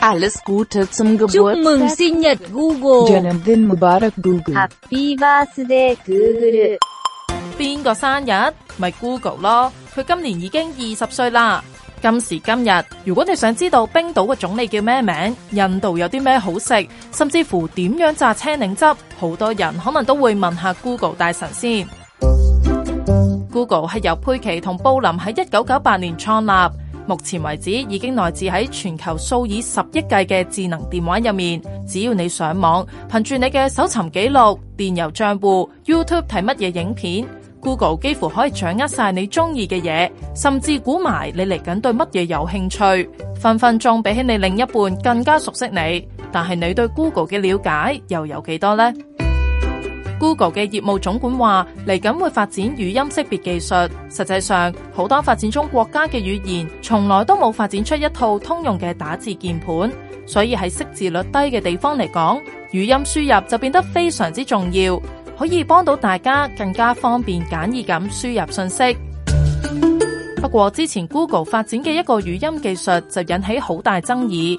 a l i 生日 Google，Happy birthday Google！邊個生日咪 Google 咯，佢今年已經二十歲啦。今時今日，如果你想知道冰島個總理叫咩名，印度有啲咩好食，甚至乎點樣榨青檸汁，好多人可能都會問下 Google 大神先。Google 係由佩奇同布林喺一九九八年創立。目前為止已經內置喺全球數以十億計嘅智能電話入面。只要你上網，憑住你嘅搜尋記錄、電郵賬戶、YouTube 睇乜嘢影片、Google 幾乎可以掌握晒你中意嘅嘢，甚至估埋你嚟緊對乜嘢有興趣。分分鐘比起你另一半更加熟悉你，但係你對 Google 嘅了解又有幾多呢？Google 嘅業務總管話，嚟緊會發展語音識別技術。實際上，好多發展中國家嘅語言，從來都冇發展出一套通用嘅打字鍵盤，所以喺識字率低嘅地方嚟講，語音輸入就變得非常之重要，可以幫到大家更加方便簡易咁輸入信息。不過之前 Google 發展嘅一個語音技術就引起好大爭議。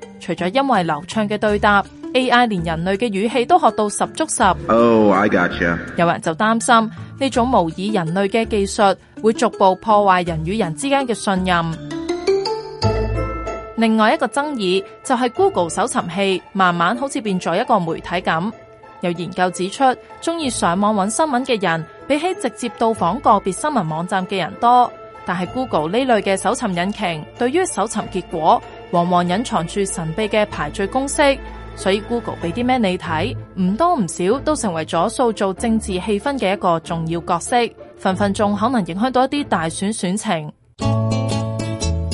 除咗因為流暢嘅對答，AI 連人類嘅語氣都學到十足十。Oh, I got you. 有人就擔心呢種模擬人類嘅技術會逐步破壞人與人之間嘅信任。 另外一個爭議就係、是、Google 搜尋器慢慢好似變咗一個媒體咁。有研究指出，中意上網揾新聞嘅人比起直接到訪個別新聞網站嘅人多，但係 Google 呢類嘅搜尋引擎對於搜尋結果，往往隱藏住神秘嘅排序公式，所以 Google 俾啲咩你睇，唔多唔少都成為咗塑造政治氣氛嘅一個重要角色，分分鐘可能影響到一啲大選選情。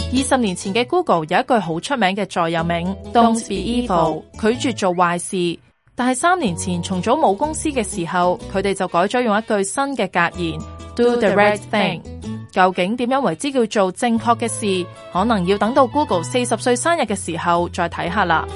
二十 年前嘅 Google 有一句好出名嘅座右銘：Don't Don be evil，, be evil. 拒絕做壞事。但係三年前重組母公司嘅時候，佢哋就改咗用一句新嘅格言：Do the right thing。究竟點樣為之叫做正確嘅事？可能要等到 Google 四十歲生日嘅時候再睇下啦。